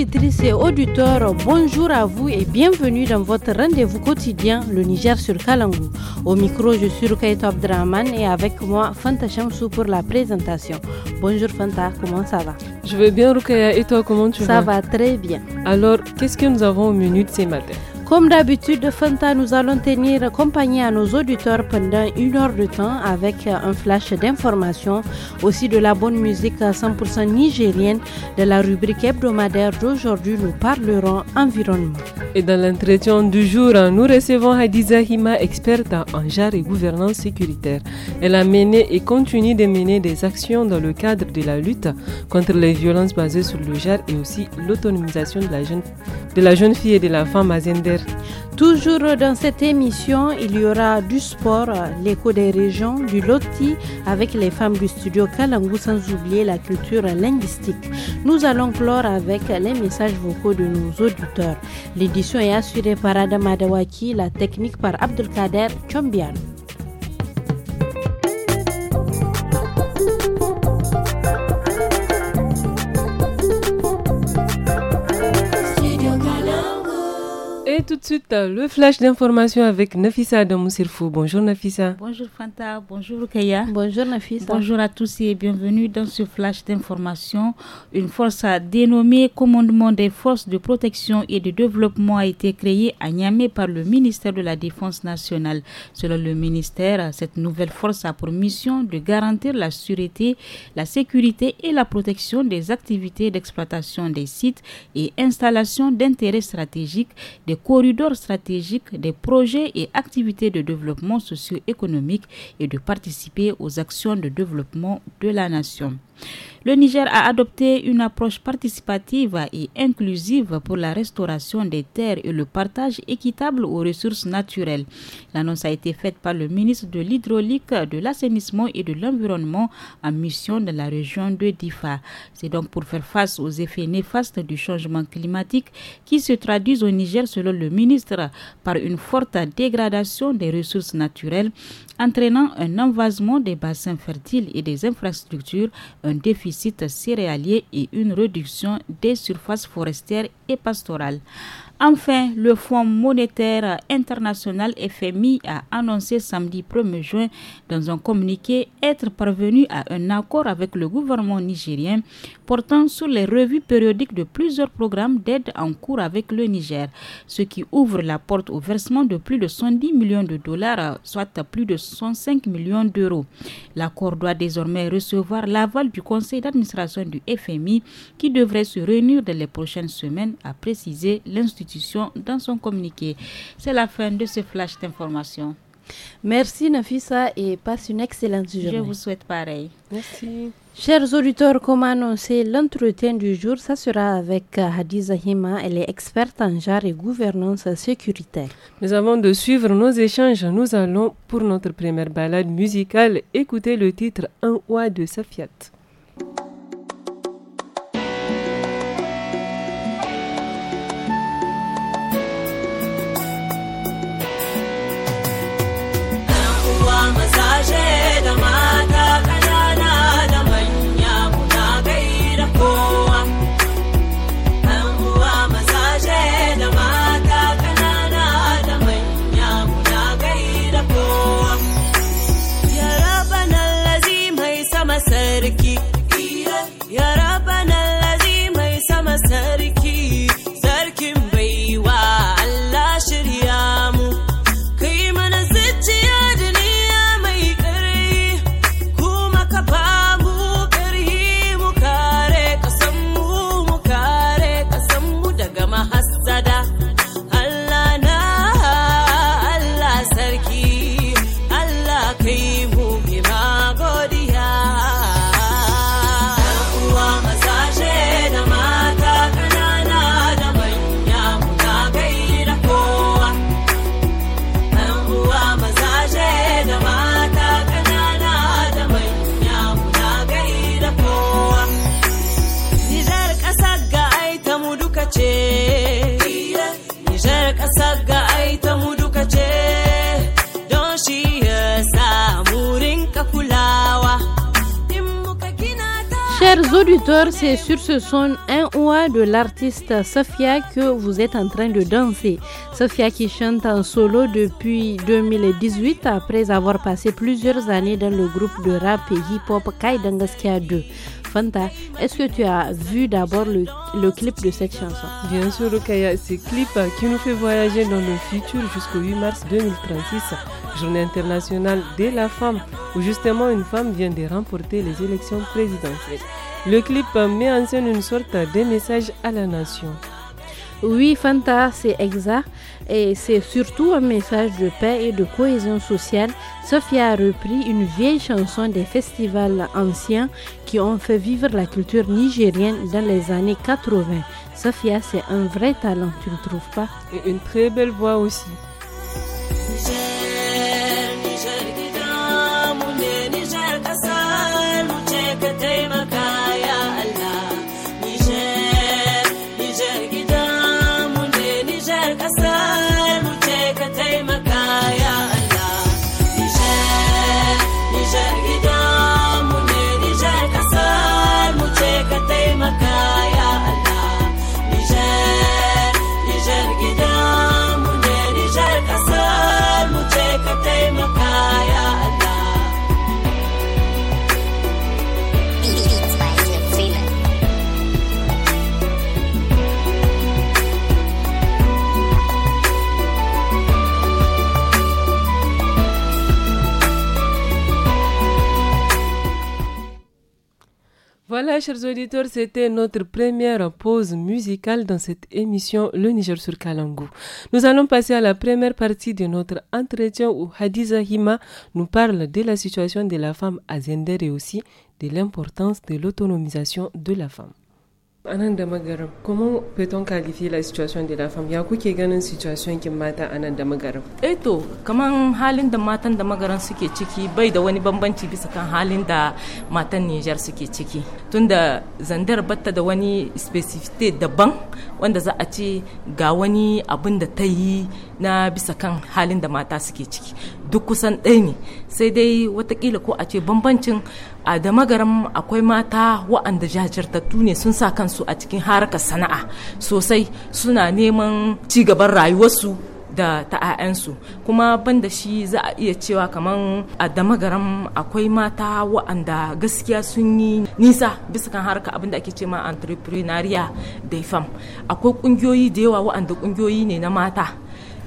auditrices et auditeurs, bonjour à vous et bienvenue dans votre rendez-vous quotidien, le Niger sur Kalangou. Au micro, je suis Rukaito Abdraman et avec moi, Fanta Chamsou pour la présentation. Bonjour Fanta, comment ça va Je vais bien Rukaya et toi, comment tu vas Ça va très bien. Alors, qu'est-ce que nous avons au menu de ce matin comme d'habitude, Fanta, nous allons tenir compagnie à nos auditeurs pendant une heure de temps avec un flash d'informations, aussi de la bonne musique 100% nigérienne. De la rubrique hebdomadaire d'aujourd'hui, nous parlerons environnement. Et dans l'entretien du jour, nous recevons Hadiza Hima, experte en genre et gouvernance sécuritaire. Elle a mené et continue de mener des actions dans le cadre de la lutte contre les violences basées sur le genre et aussi l'autonomisation de la jeune, fille et de la femme Toujours dans cette émission, il y aura du sport, l'écho des régions, du loti avec les femmes du studio Kalangu sans oublier la culture linguistique. Nous allons clore avec les messages vocaux de nos auditeurs. L'édition est assurée par Adam Adawaki, la technique par Abdelkader Chombian. tout de suite euh, le flash d'information avec Nafissa de Bonjour Nafissa. Bonjour Fanta, bonjour Kaya. Bonjour Nafissa. Bonjour à tous et bienvenue dans ce flash d'information. Une force dénommée Commandement des forces de protection et de développement a été créée à Niamey par le ministère de la Défense nationale. Selon le ministère, cette nouvelle force a pour mission de garantir la sûreté, la sécurité et la protection des activités d'exploitation des sites et installations d'intérêts stratégiques des cours corridor stratégique des projets et activités de développement socio-économique et de participer aux actions de développement de la nation. Le Niger a adopté une approche participative et inclusive pour la restauration des terres et le partage équitable aux ressources naturelles. L'annonce a été faite par le ministre de l'Hydraulique, de l'Assainissement et de l'Environnement en mission de la région de Difa. C'est donc pour faire face aux effets néfastes du changement climatique qui se traduisent au Niger, selon le ministre, par une forte dégradation des ressources naturelles, entraînant un envasement des bassins fertiles et des infrastructures, un déficit céréalier et une réduction des surfaces forestières et pastorales. Enfin, le Fonds monétaire international FMI a annoncé samedi 1er juin dans un communiqué être parvenu à un accord avec le gouvernement nigérien portant sur les revues périodiques de plusieurs programmes d'aide en cours avec le Niger, ce qui ouvre la porte au versement de plus de 110 millions de dollars, soit plus de 105 millions d'euros. L'accord doit désormais recevoir l'aval du conseil d'administration du FMI qui devrait se réunir dans les prochaines semaines, a précisé l'institut dans son communiqué. C'est la fin de ce flash d'information. Merci Nafisa et passe une excellente journée. Je vous souhaite pareil. Merci. Chers auditeurs, comme annoncé, l'entretien du jour, ça sera avec euh, Hadiza Hima. Elle est experte en genre et gouvernance sécuritaire. Mais avant de suivre nos échanges. Nous allons, pour notre première balade musicale, écouter le titre Un oie de fiat ». c'est sur ce son un 1 de l'artiste Sofia que vous êtes en train de danser. Sofia qui chante en solo depuis 2018 après avoir passé plusieurs années dans le groupe de rap et hip-hop Kaidangaskia 2. Fanta, est-ce que tu as vu d'abord le, clip de cette chanson Bien sûr, C'est ce clip qui nous fait voyager dans le futur jusqu'au 8 mars 2036, journée internationale de la femme, où justement une femme vient de remporter les élections présidentielles. Le clip met en scène une sorte de message à la nation. Oui, Fanta, c'est exact. Et c'est surtout un message de paix et de cohésion sociale. Sophia a repris une vieille chanson des festivals anciens qui ont fait vivre la culture nigérienne dans les années 80. Sophia, c'est un vrai talent, tu ne trouves pas Et une très belle voix aussi. Voilà, chers auditeurs, c'était notre première pause musicale dans cette émission Le Niger sur Kalangu. Nous allons passer à la première partie de notre entretien où Hadiza Hima nous parle de la situation de la femme à Zender et aussi de l'importance de l'autonomisation de la femme. a nan da magaram kuma qualifier la situation de la femme ya kuke ganin situation kin mata a nan da magaram eh to kaman halin da matan da magaran suke ciki bai da wani bambanci bisa kan halin da matan Niger suke ciki tunda zandar batta da wani specificity daban wanda za a ce ga wani abin da ta yi na bisa kan halin da mata suke ciki duk kusan ɗaya ne sai dai watakila ko a ce bambancin a da magaram akwai mata wa'anda jajirtattu ne sun sa kansu a cikin harkar sana'a sosai suna neman cigaban rayuwarsu da ta'a'yansu kuma banda shi za a iya cewa kamar a damagaram akwai mata wa'anda gaskiya sun yi nisa bisa kan harka abinda ake ce ma entrepreneuria da fam akwai kungiyoyi da yawa wa'anda kungiyoyi ne na mata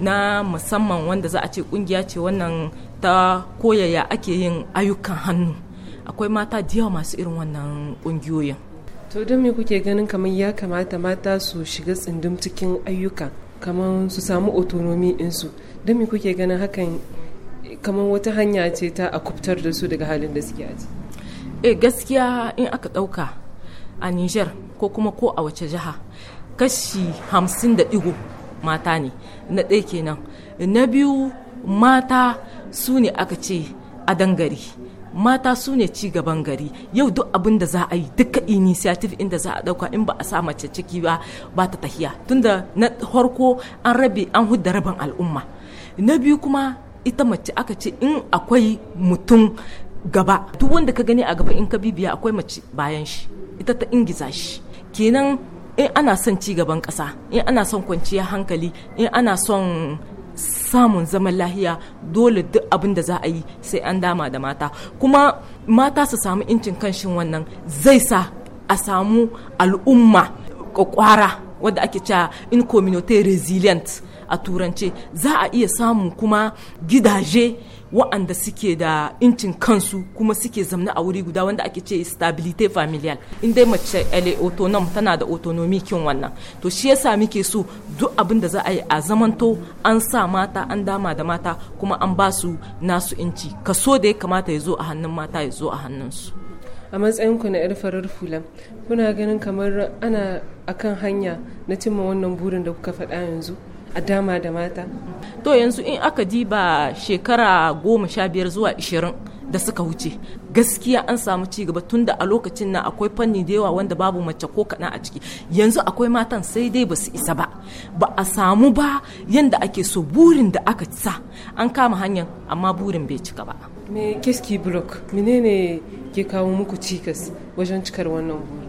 na musamman wanda za a ce kungiya ce wannan ta koyaya ake yin ayyukan hannu akwai mata da yawa masu irin wannan kungiyoyin to don me kuke ganin kamar ya kamata mata su shiga tsindin cikin ayyuka kamar su samu otonomi su don me kuke ganin hakan kamar wata hanya ce ta a kubtar da su daga halin da suke ji e eh, gaskiya in aka ɗauka a niger ko kuma ko a wace jiha kashi hamsin da digo. mata ne na ɗaya kenan na biyu mata su ne aka ce a dangare mata su ne ci gaban gari yau duk abin da za a yi duka initiative inda za a dauka in ba a sa mace ciki ba ba ta tahiya tunda na farko an rabe an hudda rabin al'umma na biyu kuma ita mace aka ce in akwai mutum gaba duk wanda ka gani a gaba in ka bibiya akwai mace bayan shi ita ta ingiza shi kenan in ana son ci gaban ƙasa in ana son kwanciyar hankali in ana son samun zaman lahiya dole duk abin da za a yi sai an dama da mata kuma mata su samu incin kanshin wannan zai sa a samu al'umma kwakwara wadda ake cewa in community resilient a turance za a iya samun kuma gidaje waɗanda suke da incin kansu kuma suke zamna a wuri guda wanda ake ce stabilite familial inda dai mace ele autonom tana da autonomy kin wannan to shi yasa muke so duk abin da za a yi a zamanto an sa mata an dama da mata kuma an ba su nasu inci kaso da ya kamata ya zo a hannun mata ya zo a hannun su a ku na 'yar farar fula kuna ganin kamar ana akan hanya na cimma wannan burin da kuka faɗa yanzu a dama da mata to yanzu in aka diba shekara goma sha biyar zuwa ishirin da suka wuce gaskiya an samu ci gaba tunda a lokacin nan akwai fanni da yawa wanda babu mace ko kaɗan a ciki yanzu akwai matan sai dai ba su isa ba ba a samu ba yanda ake so burin da aka sa an kama hanyar amma burin bai cika ba me keski block menene ke kawo muku cikas wajen cikar wannan buri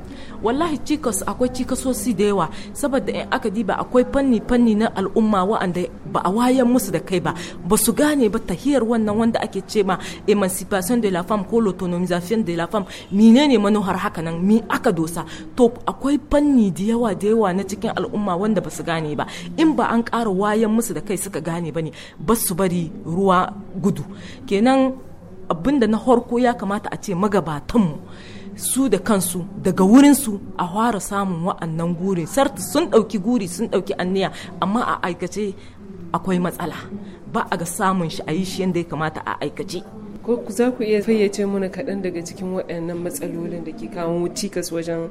wallahi cikas akwai cikasosi da yawa saboda in aka diba akwai fanni fanni na al'umma wa'anda ba a wayan musu da kai ba ba su gane ba tahiyar wannan wanda ake ce ma emancipation de la femme ko l'autonomisation de la femme menene manohar haka nan mi aka dosa to akwai fanni da yawa da yawa na cikin al'umma wanda ba su gane ba in ba an ƙara wayan musu da kai suka gane ba ne ba su bari ruwa gudu kenan abinda na harko ya kamata a ce magabatanmu su da kansu daga wurinsu a fara samun wa'annan guri sarta sun ɗauki guri sun ɗauki anniya amma a aikace akwai matsala ba a ga samun shi a yi shi yadda ya kamata a aikace ko za ku iya fayyace mana kaɗan daga cikin waɗannan matsalolin da ke kawo cikas wajen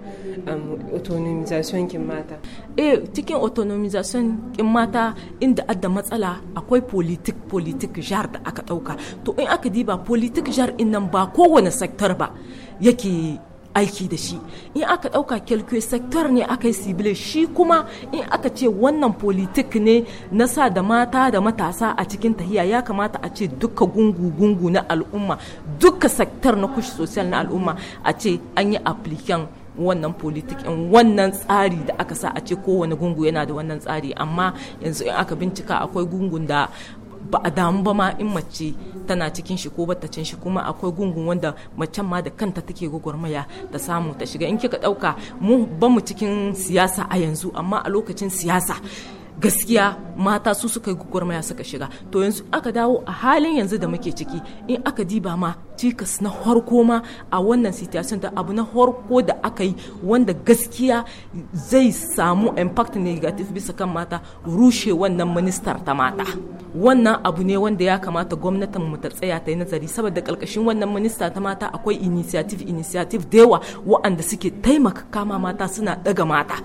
um, autonomization kin mata eh cikin autonomization kin mata inda adda matsala akwai politik politik jar da aka ɗauka to in aka diba politik jar in nan ba kowane sektar ba yake aiki da shi in aka ɗauka kyalkwe sektor ne aka yi sibile shi kuma in aka ce wannan politik ne na sa da mata da matasa a cikin tahiya ya kamata a ce duka gungu-gungu na al'umma duka sektor na kushi sosiyal na al'umma a ce an yi aplikyan wannan politik in wannan tsari da aka sa a ce kowane gungu yana da wannan tsari amma yanzu in aka bincika akwai gungun da ba a damu ba ma in mace tana cikin shi ko bata cin shi kuma akwai gungun wanda mace ma da kanta take gwagwarmaya da samu ta shiga in kika dauka mu ba mu cikin siyasa a yanzu amma a lokacin siyasa gaskiya mata su suka yi gwagwarmaya suka shiga to yanzu aka dawo a halin yanzu da muke ciki in aka diba ma cikas na harko ma a wannan situation ta abu na harko da aka yi wanda gaskiya zai samu impact negative bisa kan mata rushe wannan ministar ta mata wannan abu ne wanda ya kamata gwamnatin mu ta tsaya ta yi nazari saboda kalkashin wannan minista ta mata akwai initiative initiative da yawa waɗanda suke taimaka kama mata suna daga mata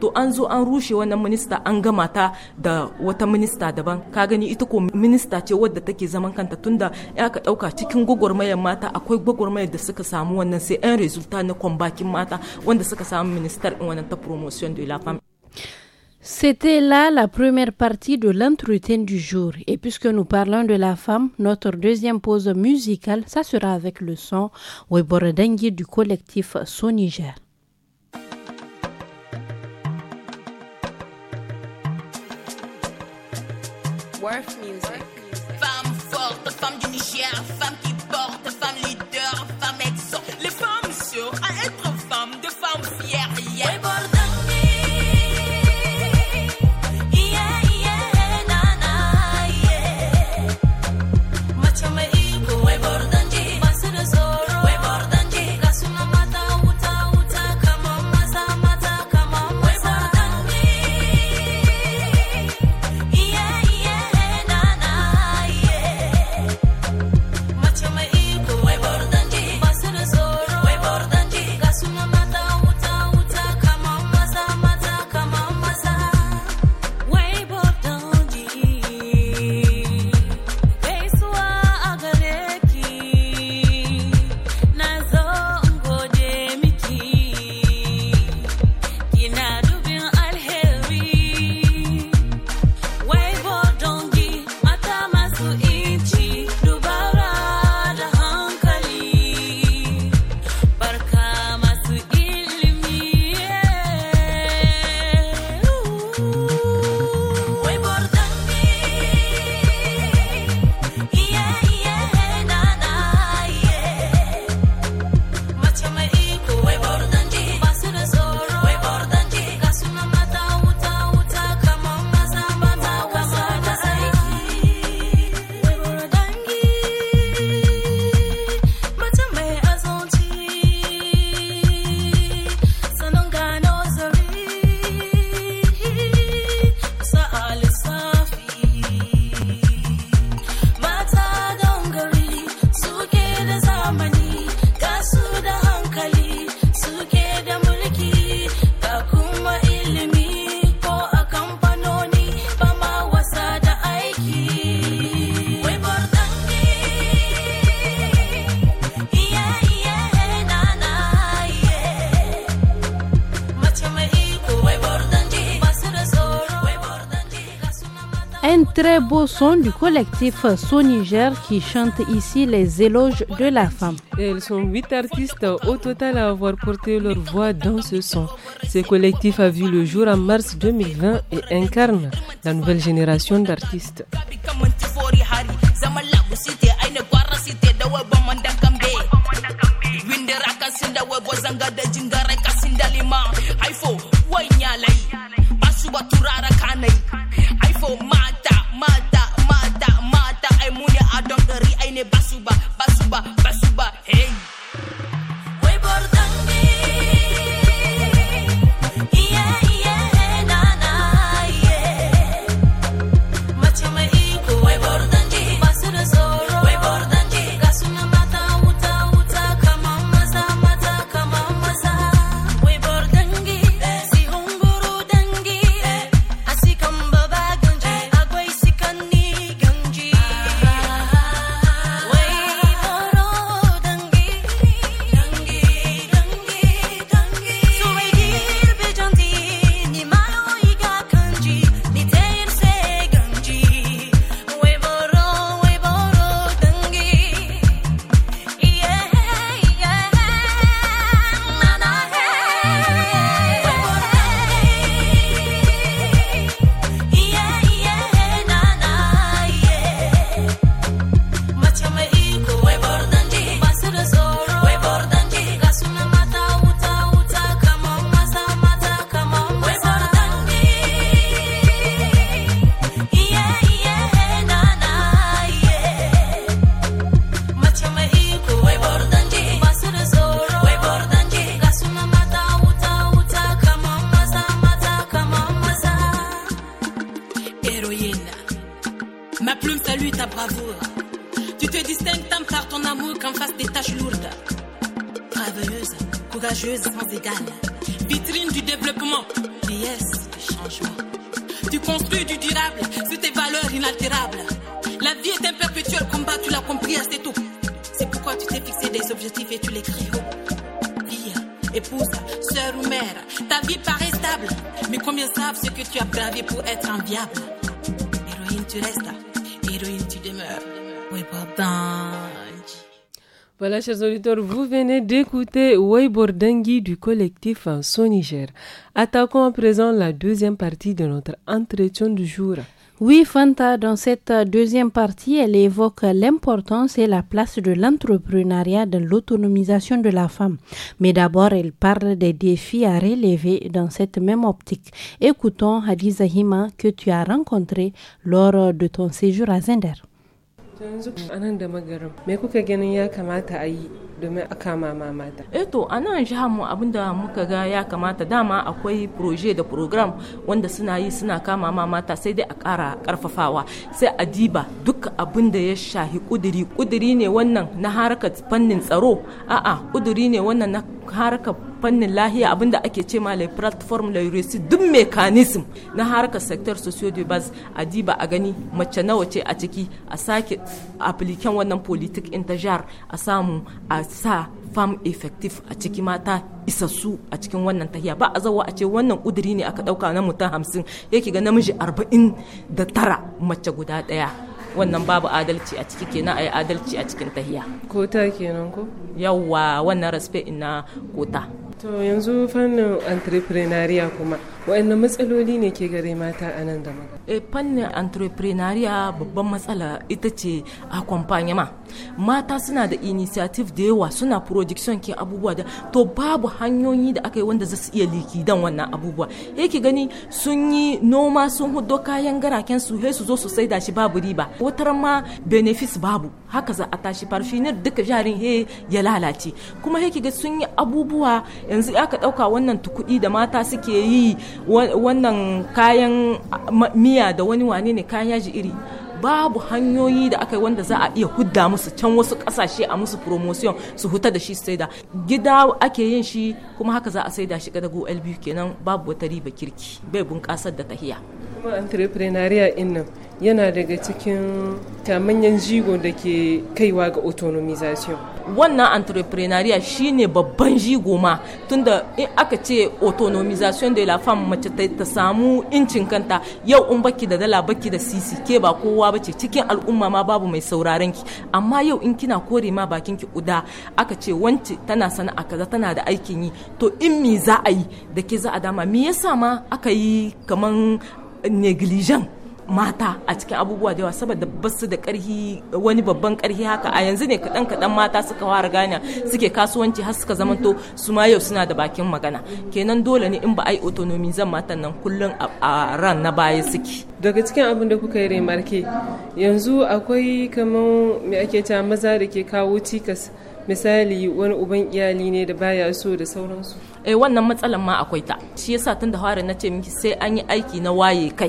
to an zo an rushe wannan minista an ga mata da wata minista daban ka gani ita ko minista ce wadda take zaman kanta tunda ya ka dauka cikin gwagwarmayar mata akwai gwagwarmayar da suka samu wannan sai yan resulta na kwambakin mata wanda suka samu ministar din wannan ta promotion de la femme C'était là la première partie de l'entretien du jour. Et puisque nous parlons de la femme, notre deuxième pause musicale, ça sera avec le son Weboredengue du collectif Soniger. Worth Music. très beau son du collectif Soniger qui chante ici les éloges de la femme. Elles sont huit artistes au total à avoir porté leur voix dans ce son. Ce collectif a vu le jour en mars 2020 et incarne la nouvelle génération d'artistes. basuba, basuba, basuba, hey. Voilà, chers auditeurs, vous venez d'écouter Weibor Dengi du collectif Son Niger. Attaquons à présent la deuxième partie de notre entretien du jour. Oui, Fanta, dans cette deuxième partie, elle évoque l'importance et la place de l'entrepreneuriat dans l'autonomisation de la femme. Mais d'abord, elle parle des défis à relever dans cette même optique. Écoutons Hadiza Hima que tu as rencontré lors de ton séjour à Zender. yanzu nan da magarin mai kuka ganin ya kamata a yi domin a kama mata. Eh to a nan jihar mu abinda muka ga ya kamata dama akwai proje da program wanda suna yi suna kama ma mata sai dai a ƙara karfafawa sai a diba duk abin da ya shahi kuduri kuduri ne wannan na harkar fannin tsaro a'a kuduri ne wannan na harkar fannin lahiya abinda ake ce ma lai platform lai resi duk mekanism na harkar sector socio de base a diba a gani mace nawa ce a ciki a sake apliken wannan politik in a samu a sa farm effective a ciki mata isassu a cikin wannan tahiya ba a zawa a ce wannan kuduri ne aka dauka na mutum hamsin yake ga namiji arba'in da tara mace guda ɗaya wannan babu adalci a ciki kenan a yi adalci a cikin tahiya kota kenan ko yawwa wannan respect ina kota to yanzu fannin entrepreneuria kuma wa'anne matsaloli ne ke gare mata a nan da maga e eh, fannin entrepreneuria babban matsala ita ce a accompagnement mata suna da initiative da yawa suna production ke abubuwa da to babu hanyoyi da aka yi wanda zasu su iya likidan wannan abubuwa ki gani sun yi noma sun hudo kayan garaken su su zo su saida shi babu riba wutar ma benefits babu haka za a tashi parfiner duka jarin he ya lalace kuma ki ga sun yi abubuwa yanzu aka dauka wannan tukudi da mata suke yi wannan kayan miya da wani wane ne kayan yaji iri babu hanyoyi da aka yi wanda za a iya hudda musu can wasu kasashe a musu promotion su huta da shi sai da gida ake yin shi kuma haka za a saida shi ga dago lb kenan babu wata riba kirki bai bunƙasar da tahiya kuma entrepreneuria in nan yana daga cikin manyan jigo da ke kaiwa ga autonomization wannan entrepreneuria shine babban jigo ma tunda in aka ce autonomization de la femme mace ta samu incin kanta yau in baki da dala baki da sisi ke ba kowa bace cikin al'umma ma babu mai sauraron ki amma yau in kina kore ma bakin ki uda aka ce wance tana sana'a kaza tana da aikin yi to in mi za a yi da ke za a dama me yasa ma aka yi kaman negligent mata a cikin abubuwa da yawa saboda basu da karhi wani babban karhi haka a yanzu ne kaɗan kaɗan mata suka fara gane suke kasuwanci har suka zamanto su ma yau suna da bakin magana kenan dole ne in ba a yi autonomy zan matan nan kullun a ran na baya suke daga cikin abin da kuka yi remarke yanzu akwai kamar me ake ta maza da ke kawo cikas misali wani uban iyali ne da baya so da sauransu eh wannan matsalan ma akwai ta shi yasa tun da fara na ce miki sai an yi aiki na waye kai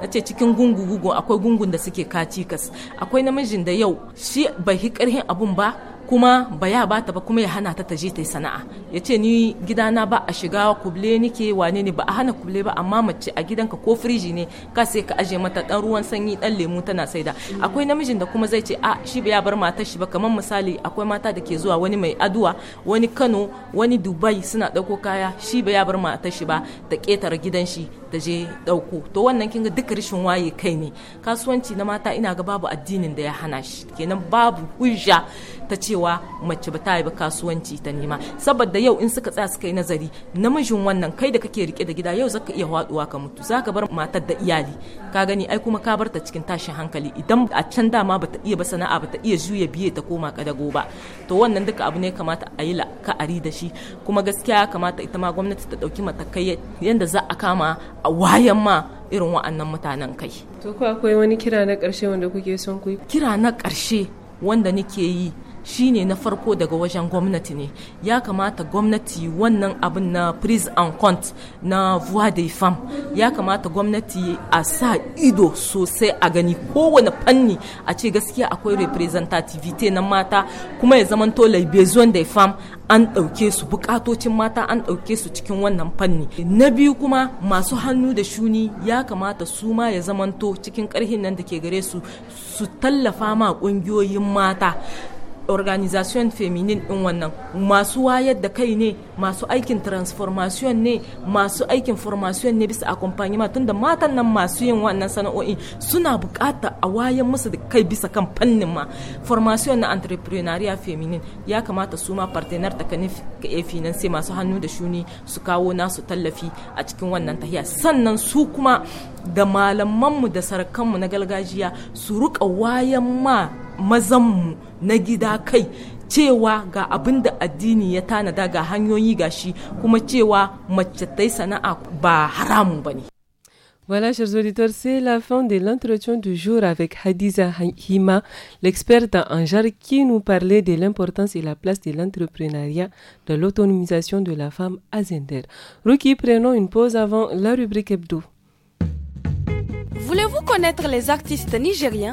na ce cikin gungu gungu akwai gungun da suke katikas akwai namijin da yau shi bai hi karhin abun ba kuma ba ya bata ba kuma ya hana ta taje ta yi sana'a ya ce ni gidana ba a shiga kuble nike wane ne ba a hana kuble ba amma mace a gidanka ko firiji ne ka sai ka aje mata dan ruwan sanyi dan lemu tana saida akwai namijin da kuma zai ce a shi ba ya bar matar shi ba kamar misali akwai mata da ke zuwa wani mai aduwa wani Kano wani Dubai suna dauko kaya shi ba ya bar matar shi ba ta ketare gidan shi ta je dauko to wannan kinga duka rashin waye kai ne kasuwanci na mata ina ga babu addinin da ya hana shi kenan babu hujja ta ce cewa mace ba ta yi ba kasuwanci ta nema saboda yau in suka tsaya suka yi nazari namijin wannan kai da kake rike da gida yau zaka iya haduwa ka mutu zaka bar matar da iyali ka gani ai kuma ka bar ta cikin tashin hankali idan a can dama bata iya ba sana'a bata iya juya biye ta koma kadago ba to wannan duka abu ne kamata a yi la'akari da shi kuma gaskiya kamata ita ma gwamnati ta dauki matakai yanda za a kama a wayan ma irin wa'annan mutanen kai. To ko akwai wani kira na ƙarshe wanda kuke son ku Kira na ƙarshe wanda nake yi Shi ne na farko daga wajen gwamnati ne ya kamata gwamnati wannan abin na prize and compte na voie de fam ya kamata gwamnati a sa ido sosai a gani kowane fanni a ce gaskiya akwai representativity na mata kuma ya zamanto laibezon de fam an ɗauke su bukatocin mata an ɗauke su cikin wannan fanni na biyu kuma masu hannu da shuni ya kamata su ma ya zamanto cikin ƙarhin nan da ke gare su su tallafa ma ƙungiyoyin mata organisation feminin din wannan masu wayar da kai ne masu aikin transformation ne masu aikin formation ne bisa accompagnement tunda matan nan masu yin wannan sana'o'i suna bukata a wayan musu da kai bisa kan fannin ma formation na entrepreneuria feminin ya kamata su ma partner ta kani finance masu hannu da shuni su kawo nasu tallafi a cikin wannan tahiya sannan su kuma da malamanmu da sarakanmu na gargajiya su ruka wayan ma Voilà, chers auditeurs, c'est la fin de l'entretien du jour avec Hadiza Hima, l'experte en jar qui nous parlait de l'importance et la place de l'entrepreneuriat dans l'autonomisation de la femme à Zender. Ruki, prenons une pause avant la rubrique hebdo. Voulez-vous connaître les artistes nigériens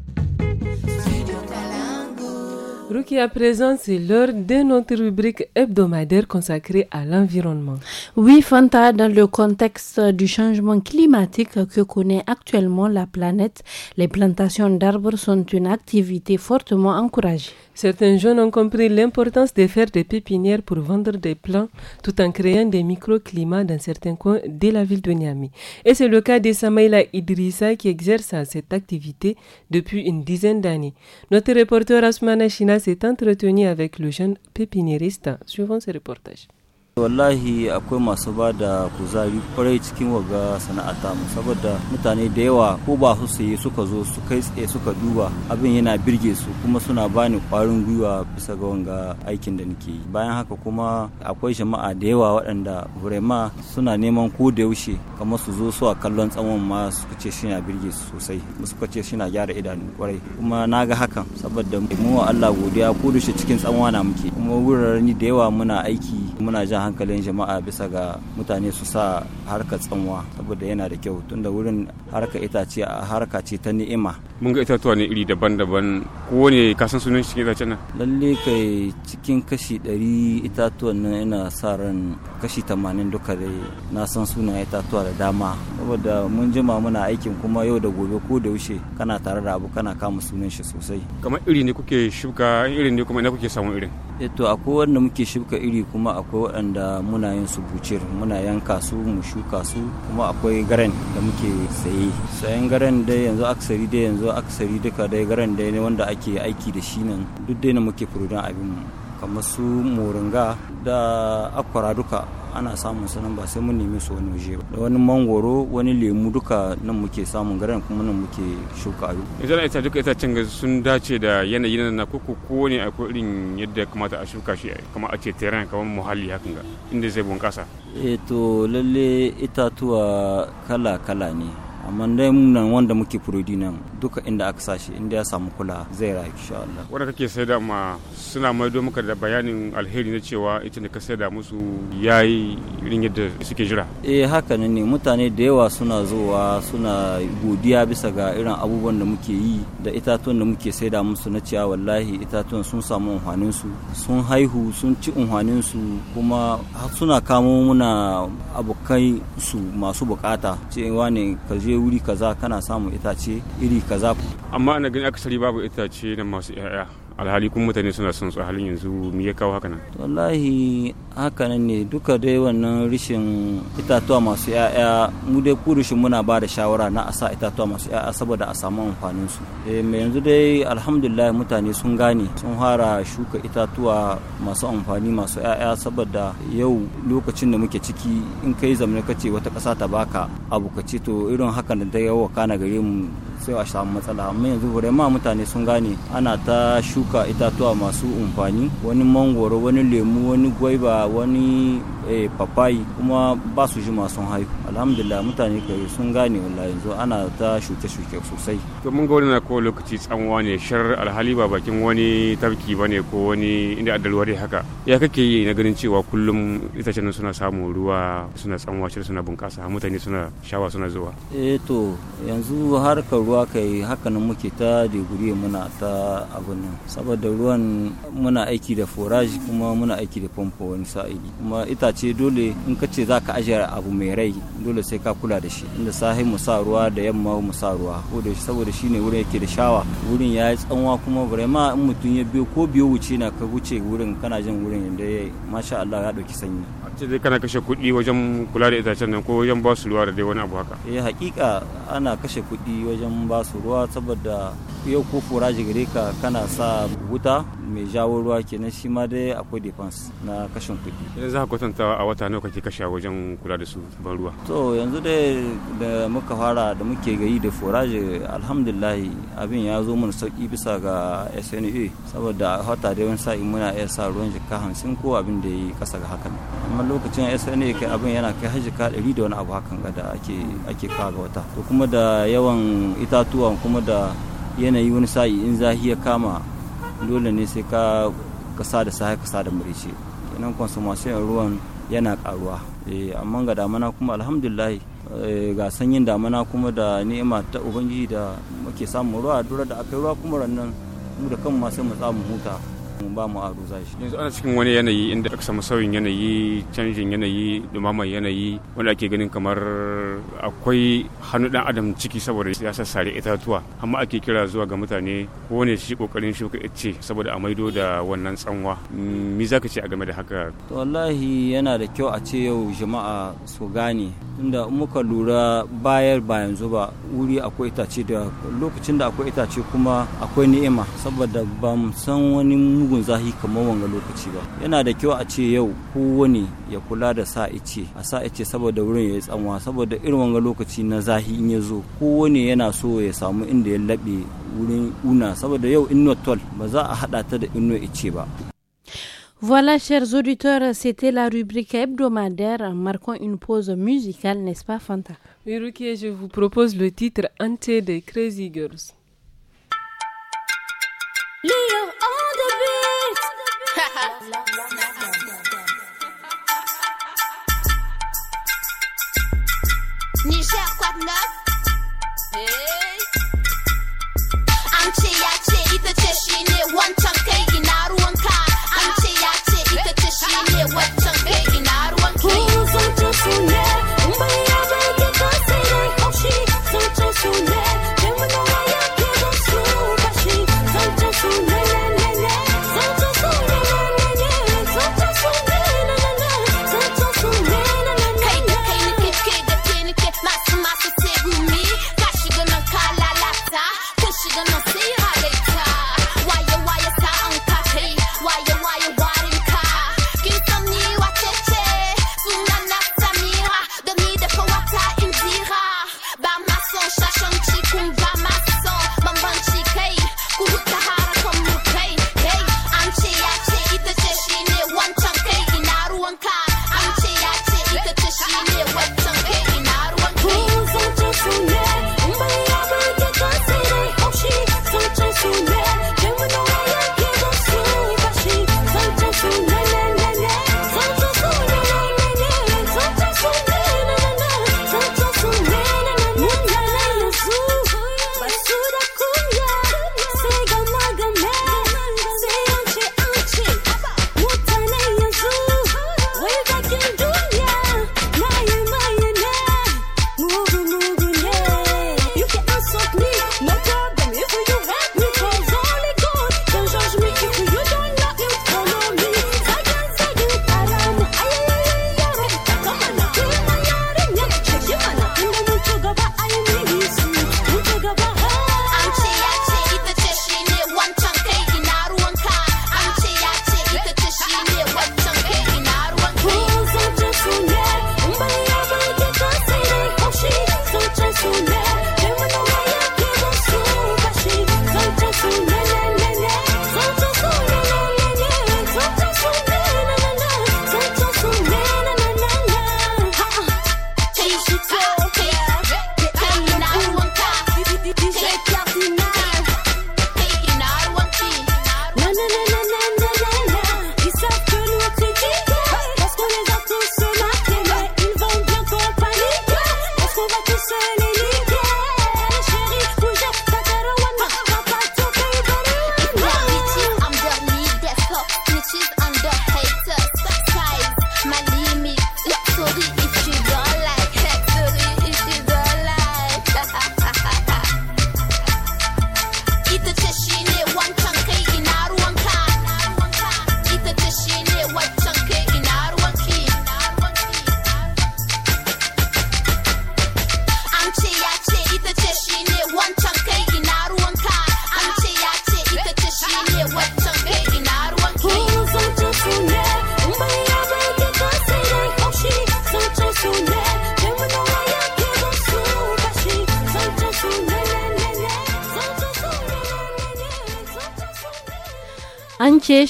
Ruki, à présent, c'est l'heure de notre rubrique hebdomadaire consacrée à l'environnement. Oui, Fanta, dans le contexte du changement climatique que connaît actuellement la planète, les plantations d'arbres sont une activité fortement encouragée. Certains jeunes ont compris l'importance de faire des pépinières pour vendre des plants tout en créant des microclimats dans certains coins de la ville de Niamey. Et c'est le cas de Samaïla Idrissa qui exerce cette activité depuis une dizaine d'années. Notre reporter Asmana China s'est entretenu avec le jeune pépiniériste. suivant ce reportage. wallahi akwai masu ba da kuzari kwarai cikin waga sana'ata mu saboda mutane da yawa ko ba su saye suka zo su kai tsaye suka duba abin yana birge su kuma suna bani kwarin gwiwa bisa ga wanga aikin da nake yi bayan haka kuma akwai jama'a da yawa waɗanda burema suna neman ko da yaushe kamar su zo su a kallon tsawon ma suka ce suna birge su sosai suka ce suna gyara idanu kwarai kuma na ga haka saboda mu Allah godiya ko da cikin na muke kuma wuraren da yawa muna aiki muna jan hankalin jama'a bisa ga mutane su sa harka tsanwa saboda yana da kyau tunda wurin harka itace a harka ce ta ni'ima mun ga itatuwa ne iri daban-daban k'o ka kasan sunan cikin itace nan lalle kai cikin kashi ɗari itatuwan nan ina sa ran kashi tamanin duka dai na san sunan itatuwa da dama saboda mun jima muna aikin kuma yau da gobe ko da yaushe kana tare da abu kana kama sunan shi sosai kamar iri ne kuke shuka iri ne kuma ina kuke samun irin eh to akwai wanda muke shuka iri kuma akwai waɗanda wanda muna yin su bucir muna yanka su mu shuka su kuma akwai garan da muke saye sayan garan dai yanzu aksari dai yanzu aksari duka dai garen dai wanda ake aiki da shi nan duk dai na muke furudan abin mu kamar su moringa da akwara duka ana samun sanan ba sai mun nemi su wani waje ba da wani mangoro wani lemu duka nan muke samun garin kuma nan muke shuka ayu idan ita duka ita ga sun dace da yanayin na koko ko ne akwai irin yadda kamata a shuka shi kamar a ce terrain kamar muhalli hakan ga inda zai bunkasa eh to lalle itatuwa kala kala ne amma dai nan wanda muke furodi nan duka inda aka sashi inda ya samu kula zai rayu insha Allah wanda kake saida ma suna maido maka da bayanin alheri na cewa ita ne ka saida musu yayi irin yadda suke jira eh haka ne mutane da yawa suna zuwa suna godiya bisa ga irin abubuwan da muke yi da itatuwan da muke saida musu na cewa wallahi itatuwan sun samu amfanin su sun haihu sun ci amfanin su kuma suna kamo muna abokai su masu bukata cewa ne ka je je wuri kaza kana samun itace iri kaza amma ana gani akasari babu itace na masu 'ya'ya alhali kun mutane suna son su halin yanzu me ya kawo hakanan. wallahi haka ne duka dai wannan rishin itatuwa masu ya'ya mu dai kurushin muna ba da shawara na a sa itatuwa masu ya'ya saboda a samu amfanin su eh mai yanzu dai alhamdulillah mutane sun gane sun fara shuka itatuwa masu amfani masu ya'ya saboda yau lokacin da muke ciki in kai zamani kace wata ƙasa ta baka abu ka ce to irin hakan da yawa kana gare mu sai a samu matsala amma yanzu ma mutane sun gane ana ta shuka nau'uka itatuwa masu amfani wani mangoro wani lemu wani gwaiba wani eh, papayi kuma ba su ji masu haihu alhamdulillah mutane kai sun gane wala yanzu ana ta shuke-shuke sosai to mun ga na ko lokaci tsanwa ne shar alhali ba bakin wani tafki bane ko wani inda adalwari haka ya kake yi na ganin cewa kullum itacen suna samun ruwa suna tsanwa shar suna bunƙasa mutane suna shawa suna zuwa eh to yanzu harkar ruwa kai haka nan muke ta deguriye muna ta abin nan saboda ruwan muna aiki da forage kuma muna aiki da famfo wani sa'ili kuma itace dole in ka ce za ka ajiye abu mai rai dole sai ka kula da shi inda sahi mu sa ruwa da yamma mu sa ruwa saboda shine wurin yake da shawa wurin ya yi tsanwa kuma ma in mutum ya biyo ko biyo wuce na ka wuce wurin kana jin wurin yadda ya yi masha Allah ya dauki sanyi ce dai kana kashe kuɗi wajen kula da itacen nan ko wajen basu ruwa da dai wani abu haka eh hakika ana kashe kuɗi wajen basu ruwa saboda yau ko foraji gare ka kana sa wuta mai jawo ruwa kenan shi ma dai akwai defense na kashin kuɗi. Yanzu eh, za ka kwatanta a wata nawa kake kashe wajen kula da su ban ruwa? To yanzu dai da muka fara da muke gayi da foraje alhamdulillahi abin ya zo mun sauki bisa ga SNA saboda a wata dai wani sa'in muna iya sa ruwan jika hamsin ko abin da ya yi ƙasa ga hakan. Amma lokacin SNA kai abin yana kai har jika ɗari da wani abu hakan ga da ake ake ga wata. To kuma da yawan itatuwan kuma da yanayi wani sa'i in zahi ya kama dole ne sai ka kasa da sahi kasa da murici kenan consumption ruwan yana karuwa eh, amma ga damana kuma alhamdulillah eh, ga sanyin damana kuma da ni'ima ta ubangiji da muke samun ruwa dura da aka ruwa kuma rannan mu da kanmu ma sai mu samu huta ba mu aruza shi yanzu ana cikin wani yanayi inda aka samu sauyin yanayi canjin yanayi dumamar yanayi wanda ake ganin kamar akwai hannu dan adam ciki saboda ya sassare itatuwa amma ake kira zuwa ga mutane ko ne shi kokarin shuka ice saboda a maido da wannan tsanwa me zaka ce a game da haka to wallahi yana da kyau a ce yau jama'a su gane tunda muka lura bayar ba yanzu ba wuri akwai itace da lokacin da akwai itace kuma akwai ni'ima saboda ba mu san wani mugun zahi kamar wanga lokaci ba yana da kyau a ce yau kowane ya kula da sa ice a sa ice saboda wurin ya yi tsanwa saboda irin wanga lokaci na zahi in ya zo kowane yana so ya samu inda ya laɓe wurin una saboda yau inuwa tol ba za a haɗa ta da inuwa ice ba Voilà, chers auditeurs, c'était la rubrique hebdomadaire marquant une pause musicale, n'est-ce pas, Fanta Oui, Ruki, je vous propose le titre Ante des Crazy Girls. Leo, oh love, love.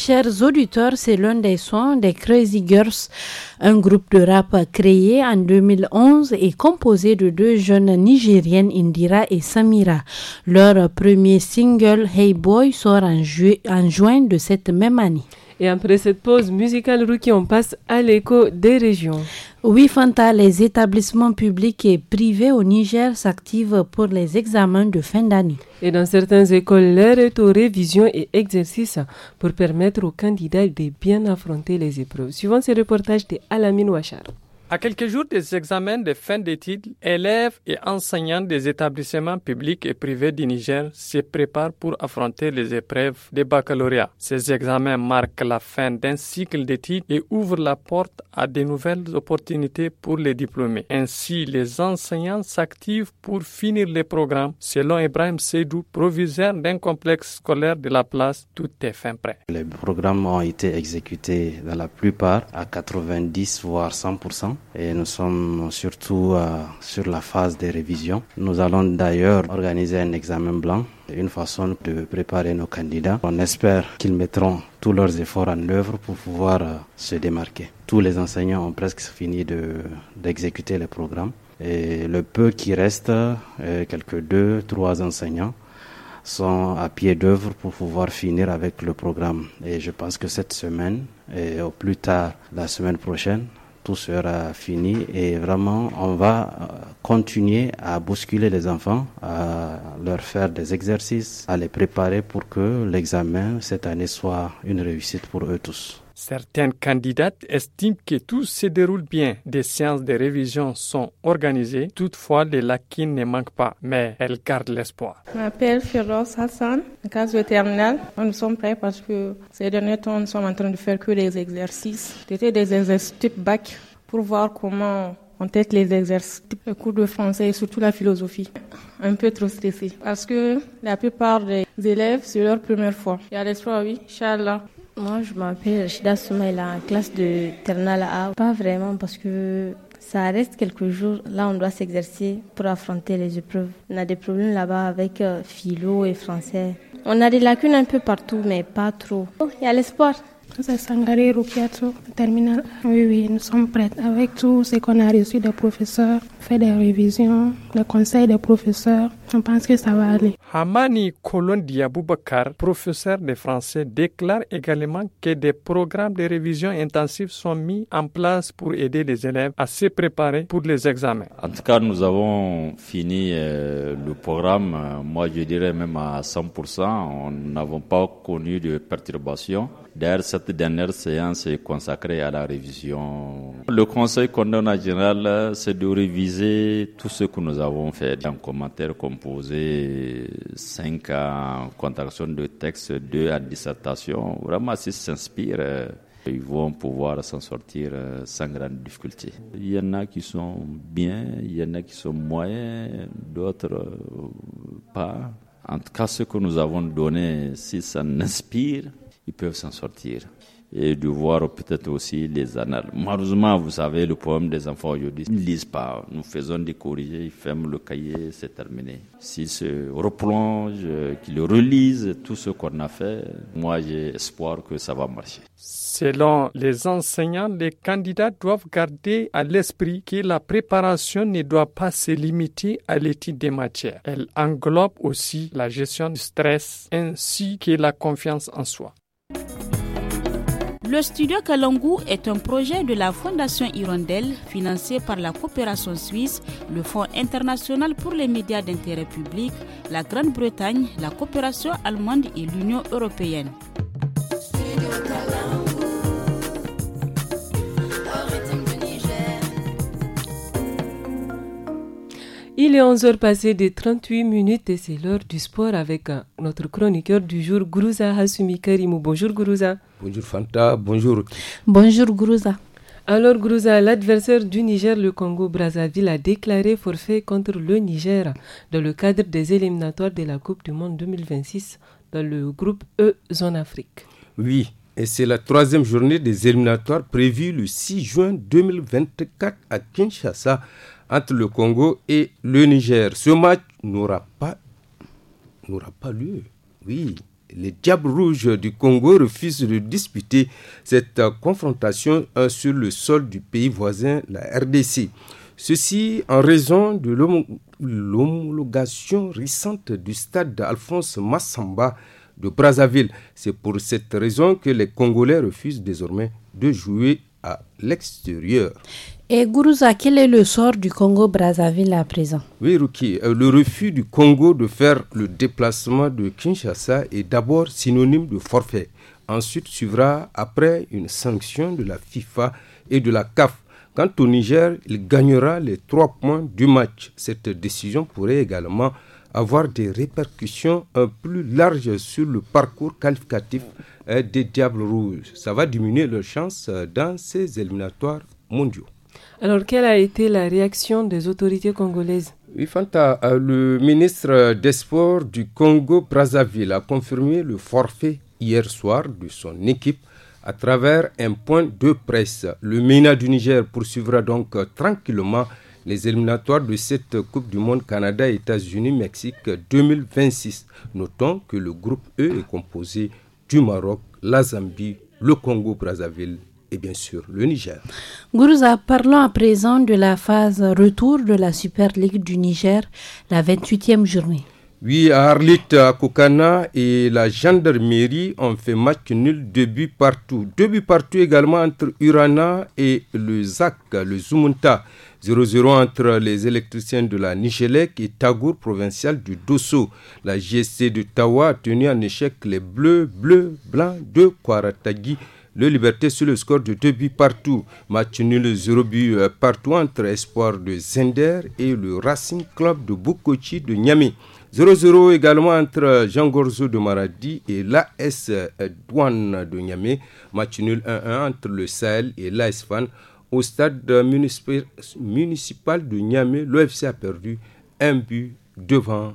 chers auditeurs, c'est l'un des sons des Crazy Girls, un groupe de rap créé en 2011 et composé de deux jeunes Nigériennes, Indira et Samira. Leur premier single, Hey Boy, sort en juin de cette même année. Et après cette pause musicale, rookie, on passe à l'écho des régions. Oui, Fanta, les établissements publics et privés au Niger s'activent pour les examens de fin d'année. Et dans certaines écoles, l'heure est aux révisions et exercices pour permettre aux candidats de bien affronter les épreuves. Suivant ce reportage de Alamine Ouachar. À quelques jours des examens de fin d'études, élèves et enseignants des établissements publics et privés du Niger se préparent pour affronter les épreuves des baccalauréats. Ces examens marquent la fin d'un cycle d'études et ouvrent la porte à de nouvelles opportunités pour les diplômés. Ainsi, les enseignants s'activent pour finir les programmes. Selon Ibrahim Seydou, proviseur d'un complexe scolaire de la place, tout est fin prêt. Les programmes ont été exécutés dans la plupart à 90 voire 100 et nous sommes surtout euh, sur la phase des révisions. Nous allons d'ailleurs organiser un examen blanc, une façon de préparer nos candidats. On espère qu'ils mettront tous leurs efforts en œuvre pour pouvoir euh, se démarquer. Tous les enseignants ont presque fini d'exécuter le les programmes et le peu qui reste, euh, quelques deux, trois enseignants, sont à pied d'œuvre pour pouvoir finir avec le programme. Et je pense que cette semaine, et au plus tard la semaine prochaine, tout sera fini et vraiment on va euh, continuer à bousculer les enfants, à leur faire des exercices, à les préparer pour que l'examen cette année soit une réussite pour eux tous. Certaines candidates estiment que tout se déroule bien. Des séances de révision sont organisées. Toutefois, les lacunes ne manquent pas, mais elles gardent l'espoir. Je m'appelle Firoz Hassan, classe de terminale. Nous sommes prêts parce que ces derniers temps, nous sommes en train de faire que les exercices. C'était des exercices type bac pour voir comment on tête les exercices, le cours de français et surtout la philosophie. Un peu trop stressé parce que la plupart des élèves, c'est leur première fois. Il y a l'espoir, oui, Inch'Allah. Moi, je m'appelle Rachida Soumaïla, classe de terminale A. Pas vraiment parce que ça reste quelques jours. Là, on doit s'exercer pour affronter les épreuves. On a des problèmes là-bas avec euh, philo et français. On a des lacunes un peu partout, mais pas trop. Oh, il y a l'espoir. C'est Sangaré Rukiato, terminal. Oui, oui, nous sommes prêtes avec tout ce qu'on a reçu des professeurs fait des révisions, le conseil des professeurs. On pense que ça va aller. Hamani Kolondi Bakar, professeur de français, déclare également que des programmes de révision intensive sont mis en place pour aider les élèves à se préparer pour les examens. En tout cas, nous avons fini euh, le programme, moi je dirais même à 100%. On n'avons pas connu de perturbations. D'ailleurs, cette dernière séance est consacrée à la révision. Le conseil qu'on donne en général, euh, c'est de réviser tout ce que nous avons fait en commentaire composé, 5 à contraction de texte, 2 à dissertation. Vraiment, s'ils s'inspirent, euh, ils vont pouvoir s'en sortir euh, sans grande difficulté. Il y en a qui sont bien, il y en a qui sont moyens, d'autres euh, pas. En tout cas, ce que nous avons donné, si ça inspire, ils peuvent s'en sortir et de voir peut-être aussi les annales. Malheureusement, vous savez, le poème des enfants aujourd'hui, ils ne lisent pas. Nous faisons des corrigés, ils ferment le cahier, c'est terminé. S'ils se replongent, qu'ils relisent tout ce qu'on a fait, moi j'ai espoir que ça va marcher. Selon les enseignants, les candidats doivent garder à l'esprit que la préparation ne doit pas se limiter à l'étude des matières. Elle englobe aussi la gestion du stress ainsi que la confiance en soi. Le studio Kalangu est un projet de la Fondation Hirondelle financé par la coopération suisse, le Fonds international pour les médias d'intérêt public, la Grande-Bretagne, la coopération allemande et l'Union européenne. Il est 11h passé de 38 minutes et c'est l'heure du sport avec notre chroniqueur du jour, Guruza Hassoumi Karimou. Bonjour Guruza. Bonjour Fanta, bonjour. Bonjour Grouza. Alors Grouza, l'adversaire du Niger, le Congo Brazzaville, a déclaré forfait contre le Niger dans le cadre des éliminatoires de la Coupe du Monde 2026 dans le groupe E Zone Afrique. Oui, et c'est la troisième journée des éliminatoires prévue le 6 juin 2024 à Kinshasa entre le Congo et le Niger. Ce match n'aura pas, n'aura pas lieu. Oui, les Diables Rouges du Congo refusent de disputer cette confrontation euh, sur le sol du pays voisin, la RDC. Ceci en raison de l'homologation récente du stade d'Alphonse Massamba de Brazzaville. C'est pour cette raison que les Congolais refusent désormais de jouer à l'extérieur. Et Gourouza, quel est le sort du Congo-Brazzaville à présent Oui, Ruki, euh, le refus du Congo de faire le déplacement de Kinshasa est d'abord synonyme de forfait. Ensuite suivra après une sanction de la FIFA et de la CAF. Quant au Niger, il gagnera les trois points du match. Cette décision pourrait également avoir des répercussions euh, plus larges sur le parcours qualificatif euh, des Diables Rouges. Ça va diminuer leurs chances dans ces éliminatoires mondiaux. Alors, quelle a été la réaction des autorités congolaises oui, Fanta, euh, le ministre des Sports du Congo-Brazzaville a confirmé le forfait hier soir de son équipe à travers un point de presse. Le MENA du Niger poursuivra donc euh, tranquillement les éliminatoires de cette Coupe du Monde Canada, États-Unis, Mexique 2026. Notons que le groupe E est composé du Maroc, la Zambie, le Congo-Brazzaville et bien sûr le Niger. Gourouza, parlons à présent de la phase retour de la Super League du Niger, la 28e journée. Oui, à Arlit, à Kokana et la gendarmerie ont fait match nul, deux buts partout. Deux buts partout également entre Urana et le ZAC, le Zumunta. 0-0 entre les électriciens de la Nigelec et Tagour provincial du Dosso. La GC de Tawa a tenu en échec les bleus, bleus, blancs de Kwaratagi le Liberté sur le score de 2 buts partout. Match nul 0 but euh, partout entre Espoir de Zender et le Racing Club de Bukoti de Niamey. 0-0 également entre euh, Jean Gorzo de Maradi et l'AS euh, Douane de Niamey. Match nul 1-1 entre le Sahel et l'AS Fan. Au stade municipal de Niamey, l'OFC a perdu un but devant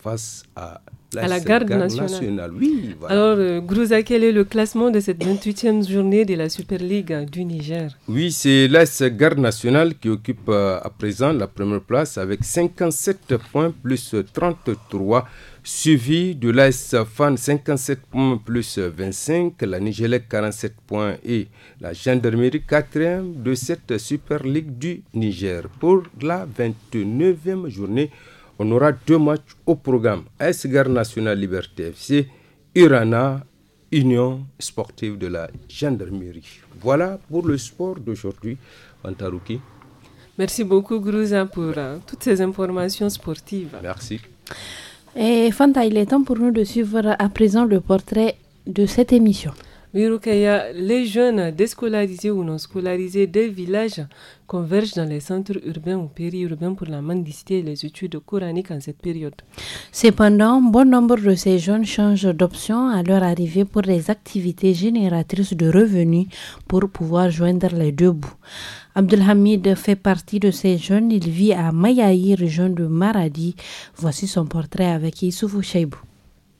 face à à la garde, nationale. Oui, Alors, euh, Grouza, quel est le classement de cette 28e journée de la Super League du Niger Oui, c'est l'AS Garde nationale qui occupe euh, à présent la première place avec 57 points plus 33, suivi de l'AS Fan 57 points plus 25, la Nigélec 47 points et la Gendarmerie 4e de cette Super League du Niger pour la 29e journée on aura deux matchs au programme. AS Gare National Liberté FC, Urana, Union Sportive de la Gendarmerie. Voilà pour le sport d'aujourd'hui, Antaruki. Merci beaucoup, Grouza, pour euh, toutes ces informations sportives. Merci. Et Fanta, il est temps pour nous de suivre à présent le portrait de cette émission les jeunes déscolarisés ou non scolarisés des villages convergent dans les centres urbains ou périurbains pour la mendicité et les études coraniques en cette période. Cependant, bon nombre de ces jeunes changent d'option à leur arrivée pour des activités génératrices de revenus pour pouvoir joindre les deux bouts. Abdelhamid fait partie de ces jeunes. Il vit à Mayaï, région de Maradi. Voici son portrait avec Issoufou Cheibou.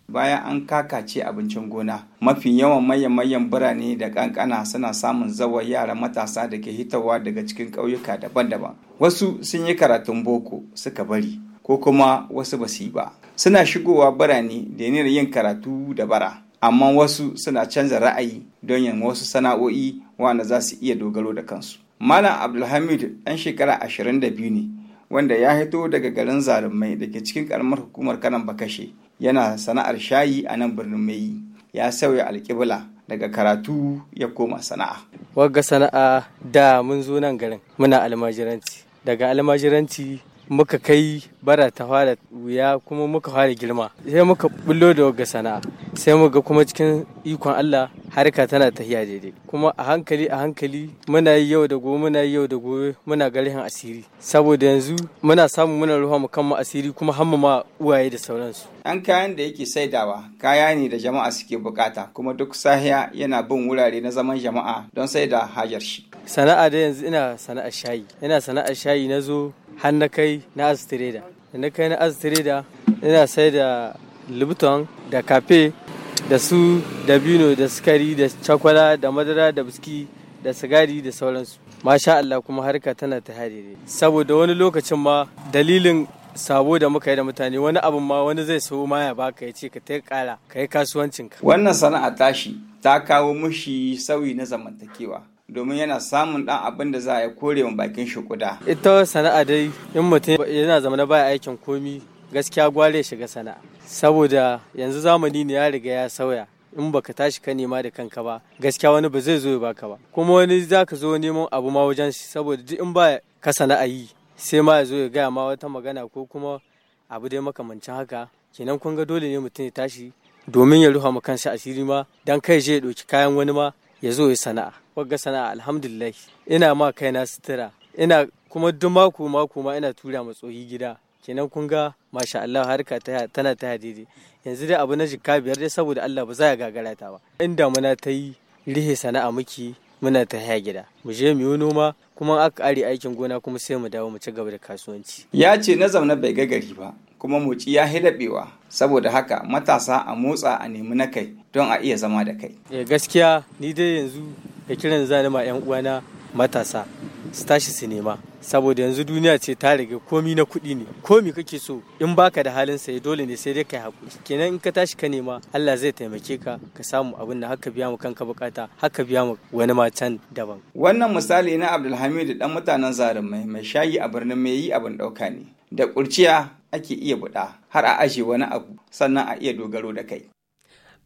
bayan an kakace abincin gona mafi yawan mayan mayan birane da kankana suna samun zawar yara matasa da ke hitawa daga cikin ƙauyuka daban-daban wasu sun yi karatun boko suka bari ko kuma wasu ba su yi ba suna shigowa birane da niyyar yin karatu da bara amma wasu suna canza ra'ayi don yin wasu sana'o'i wanda za su iya dogaro da kansu malam abdulhamid ɗan shekara ashirin da biyu ne wanda ya haito daga garin Zalumai da ke cikin karamar hukumar Kanan Bakashe yana sana'ar shayi a nan birnin Mai ya sauya alƙibla daga karatu ya koma sana'a. Wagga sana'a da mun zo nan garin muna almajiranci daga almajiranci muka kai bara ta fara wuya kuma muka fara girma sai muka bullo da wagga sana'a sai muka kuma cikin ikon Allah harka tana tahiya daidai kuma a hankali a hankali muna yi yau da gobe muna yi yau da gobe muna garihin asiri saboda yanzu muna samu muna ruwa mu kanmu asiri kuma hamma ma uwaye da sauransu an kayan da yake saidawa kaya ne da jama'a suke bukata kuma duk sahiya yana bin wurare na zaman jama'a don saida hajar shi sana'a da yanzu ina sana'ar shayi ina sana'ar shayi na zo har na kai na astreda da na kai na astreda ina sai da lipton da kafe da su dabino da sukari da cakwala da madara da biski da sigari da sauransu masha Allah kuma harka tana ta harire saboda wani lokacin ma dalilin sabo da muka yi da mutane wani abin ma wani zai so ma ya baka ya ce ka ta kara ka yi kasuwancinka wannan sana'a tashi ta kawo mushi sauyi na zamantakewa domin yana samun dan abin da za a kore wa bakin shi kuda. Ita sana'a dai in mutum yana zama na baya aikin komi gaskiya gwale shiga sana'a. Saboda yanzu zamani ne ya riga ya sauya in baka tashi ka nema da kanka ba gaskiya wani ba zai zo ya baka ba kuma wani za ka zo neman abu ma wajen shi saboda duk in ba ka sana'a yi sai ma ya zo ya gaya ma wata magana ko kuma abu dai makamancin haka kenan kun ga dole ne mutum ya tashi domin ya ruha ma kansa asiri ma dan kai zai ya ɗauki kayan wani ma ya zo ya sana'a wagga sana'a alhamdulillah ina ma kaina sutura ina kuma duk mako mako ma ina tura tsohi gida kenan kun ga masha Allah harka tana ta daidai yanzu dai abu na jikka biyar dai saboda Allah ba za ya gagara ta ba in damuna ta yi rihe sana'a muke muna ta haya gida mu je mu yi noma kuma aka are aikin gona kuma sai mu dawo mu ci gaba da kasuwanci ya ce na zaune bai ga gari ba kuma moci ya hidabewa saboda haka matasa a motsa a nemi na kai don a iya zama da kai. Eh gaskiya ni dai yanzu da kiran zani ma 'yan uwana matasa su tashi su nema saboda yanzu duniya ce ta riga komi na kuɗi ne komi kake so in baka da halin sai dole ne sai dai kai hakuri kenan in ka tashi ka nema Allah zai taimake ka ka samu abin da haka biya mu kanka bukata haka biya mu wani ma daban wannan misali na Abdulhamid dan mutanen Zarumai mai shayi a birnin mai yi abin ɗauka ne da kurciya ake iya buɗa har a aje wani abu sannan a iya dogaro da kai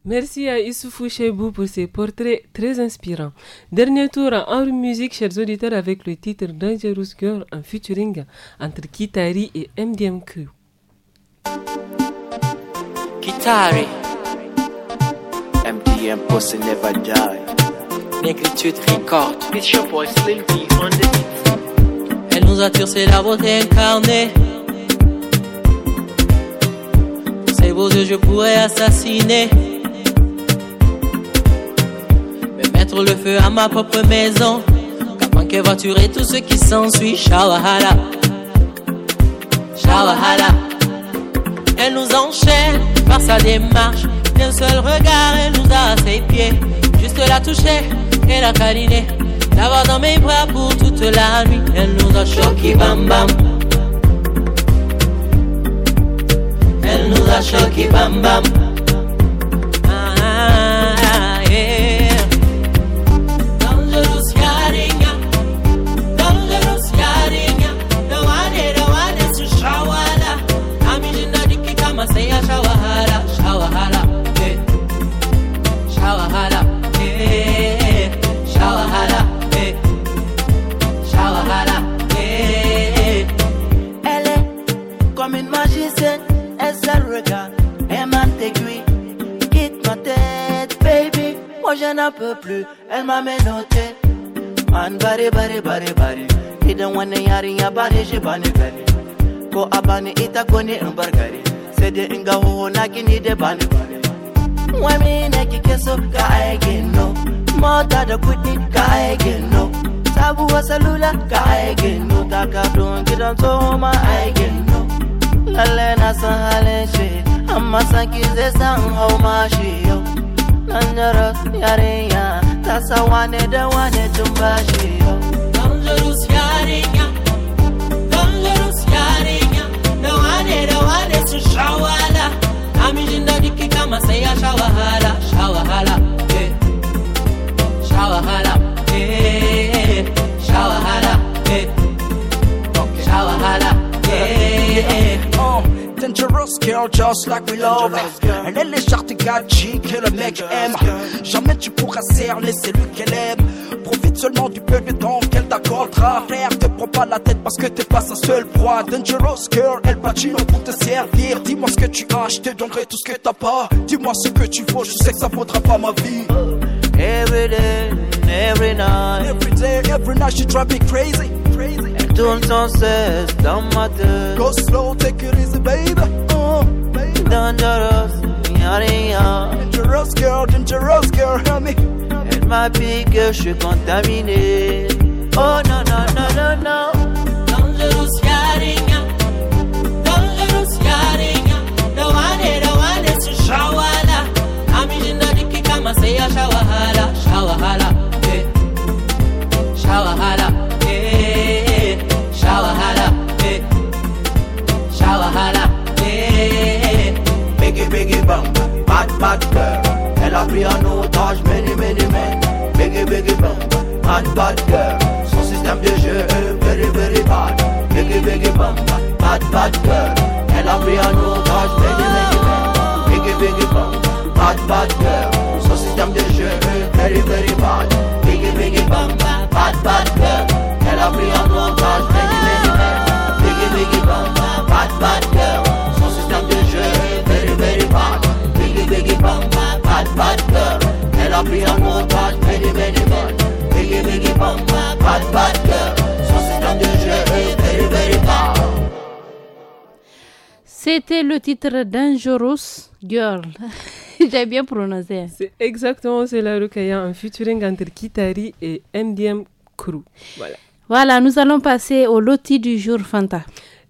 Merci à Issoufou Cheibou pour ses portraits très inspirants. Dernier tour en musique, chers auditeurs, avec le titre Dangerous Girl en featuring entre Kitari et MDMQ. Kitari MDM Pussy Never Die Négritude Record It's your boy Slim B on the Elle nous attire, c'est la beauté incarnée Ces beaux yeux, je pourrais assassiner le feu à ma propre maison. Capant que voiture et tout ce qui s'ensuit. Shawahala. Shawahala. Elle nous enchaîne par sa démarche. D'un seul regard, elle nous a à ses pieds. Juste la toucher et la câliner. L'avoir dans mes bras pour toute la nuit. Elle nous a choqué bam bam. Elle nous a choqué bam bam. je n'en peux plus. Elle m'a menotté. Man, bare bare bare bare. Idan wani yarinya bare shi bani gari. Ko abani bani ita ko ne in bar gari. Sai dai na gini de bani bari. Wani ne ki keso, ka aikin no. Mota da kuɗi ka aikin no. salula ka aikin no. gidan tsoho ma aikin no. Lalle na san shi. Amma san san ma shi kanjaros yarinya ta sa wane da wane tun ba shi yau kanjaros yarinya kanjaros yarinya da wane da wane su shawala amijin da duki kama sai ya sha wahala sha wahala eh sha wahala eh sha wahala eh sha wahala eh dangerous girl, just like we love. Elle est légère, t'es gadji, que le mec aime. Jamais tu pourras cerner celui qu'elle aime. Profite seulement du peu de temps qu'elle t'accordera. Frère, te prends pas la tête parce que t'es pas sa seule proie. Dangerous girl, elle patine pour te servir. Dis-moi ce que tu as, je te donnerai tout ce que t'as pas. Dis-moi ce que tu veux, je sais que ça vaudra pas ma vie. Every day, every night. Every day, every night, she drive me crazy. Tout le sang cesse dans Go slow, take it easy, baby. Oh, baby. Dangerous, y'a rien. Dangerous girl, dangerous girl, help me. Elle m'a piqué, je suis contaminated. Oh non, non, non, non, non. Dangerous, y'a rien. Dangerous, y'a rien. Don't want it, don't want it, so shower. kama, say a shower. Bad girl, elle a pris un otage, many, many men. Biggie, biggie, bang, bad bad girl. Son système de jeu est euh, very, very bad. Biggie, biggie, bang, bad bad girl. Elle a pris un otage, many, many men. Biggie, biggie, bang, bad bad girl. Son système de jeu est euh, very, very C'était le titre Dangerous Girl. J'ai bien prononcé. Hein. C'est exactement cela, a un featuring entre Kitari et MDM Crew. Voilà. Voilà, nous allons passer au loti du jour Fanta.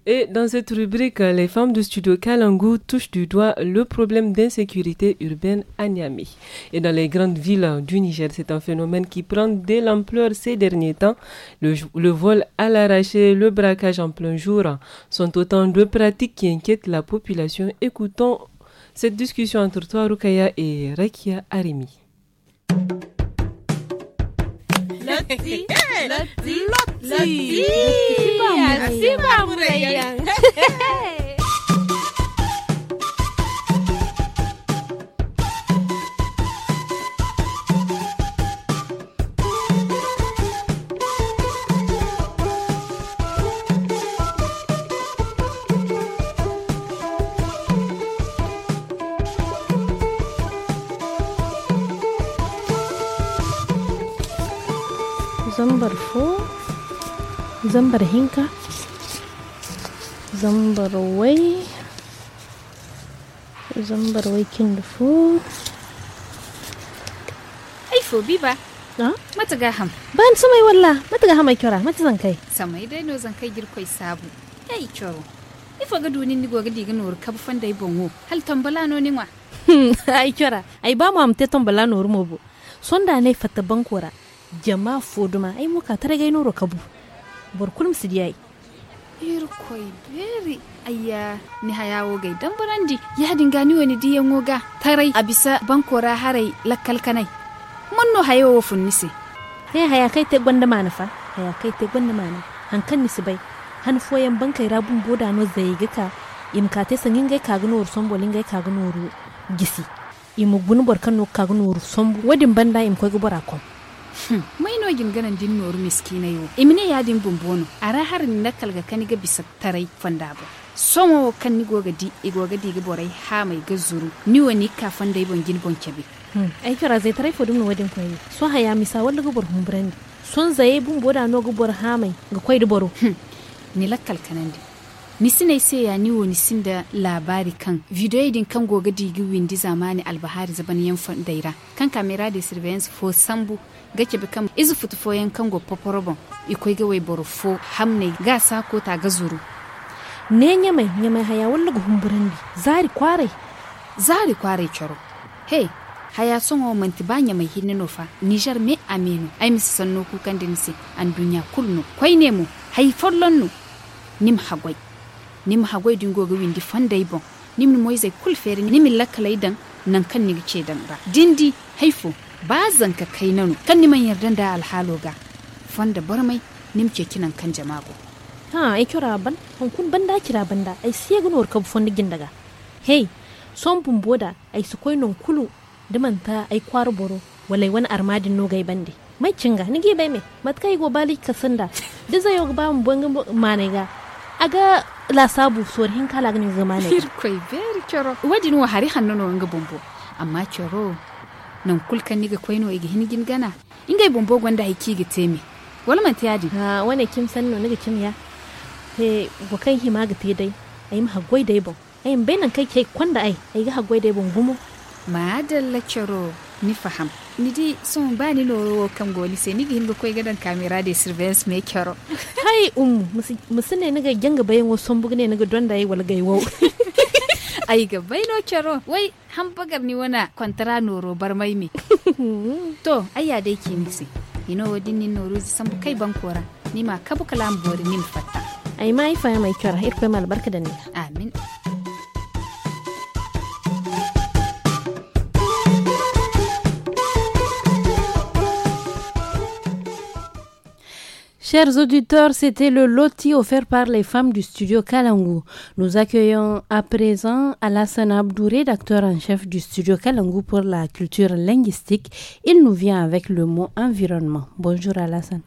Et dans cette rubrique, les femmes du studio Kalangu touchent du doigt le problème d'insécurité urbaine à Niamey. Et dans les grandes villes du Niger, c'est un phénomène qui prend de l'ampleur ces derniers temps. Le, vol à l'arraché, le braquage en plein jour sont autant de pratiques qui inquiètent la population. Écoutons cette discussion entre toi, Rukaya, et Rekia Arimi. Lotti. Lotti. Si, Lotti. Lotti. zambar fo zambar hinka zambar wai zambar wai kin fo aifo fo biba mata gaham ban samai walla mata gaham ai kyora mata zan kai samai dai no zan kai girkoi sabu ai kyoro ifa faga dunin ni goga diga nor kab fanda ai bonwo hal tambala no ni wa hmm, ai kyora ai ba mu amte tambala nor mo bu sonda ne fatta bankora jama foduma ai muka tare gaino kabu bor kulum diyai yayi irkoi beri ayya ni hayawo gai dan burandi ya gani wani diyan woga tarai a bisa bankora harai lakalkanai kanai hayo hayawo funnise hay haya kai te gwanda mana fa haya kai te gwanda mana hankan ni sibai han foyan bankai rabun boda no zai gika te sangin gai kagunor sombolin gai kagunor gisi gunu borkan no kagunor son wadin banda im koy gubara kom Hmm. mayno jinganan din noru miskina yo imine yadin bumbono ara harin na kalga kaniga bisa tarai fandabo somo kan ni goga di igoga di borai ha mai gazuru ni wani ka fanda ibon gin bon kebe hmm. ai kira zai tarai fodum no wadin koyi so haya misa walla gubor humbrandi son zaye bumbo da no gubor ha mai ga koyi duboro hmm. ni lakkal kanandi nisinai sai ya ni wani sin da labari kan video din kan goga digi windi zamani albahari zaban yan daira kan kamera da surveillance fo sambu gake bi kam izu futu yankan goppa poporobo ikoi ga wai fo. hamne ga sa ko ta ga zuru ne nya mai haya walla go humburandi zari kware zari kware choro hey haya son o manti nya mai hinne nufa. fa niger me aminu ai mi sanno ku kan dinsi an dunya kulno koi ne mu hay follonnu nim hagwai nim hagwai dingo ga windi fandai bon nim ni moy kul fere nim lakkalai dan nan kan ni ce dan ba dindi haifo ba zan ka kai nanu kan niman yardan da alhalo ga fanda barmai nimce kinan kan jamago ha ai kira ban kun banda kira banda ai sai gunor ka fondi gindaga hey son bumboda ai su koi non kulu ta ai kwar boro walai wani armadin no gai bande mai cinga nige bai me matka yi gobali kasanda da zai yo ba mu bangin ga aga la sabu sor hin kala ganin zamane koi very choro wadin wa hari hannu no nga bombo amma choro nan kulkan niga kwaino igi hinigin gana ingai bombo gwanda hiki ga teme walman ta yadi ha ah, wane kim sanno niga kim ya he go kan hi ga te dai ayi ma hagwai dai bon ayi nan kai kai kwanda ai ayi ga hagwai dai bon gumo ma dalla charo ni faham ni di sun ba ni no kan goli sai ni hinga kwai gadan kamera de surveillance me kyaro hai um ni niga ganga bayan wasu bugne niga donda yi walgai wau ai ga baino kero wai hamburger ni wana kwantara noro bar mai me to ya dai ke misi ino wadin ni noro san kai ban kora ni ma kabu kalam bori min fatta ai mai fa mai kara irfe mal barka da ni amin Chers auditeurs, c'était le loti offert par les femmes du studio Kalangu. Nous accueillons à présent Alassane Abdou, rédacteur en chef du studio Kalangu pour la culture linguistique. Il nous vient avec le mot environnement. Bonjour Alassane.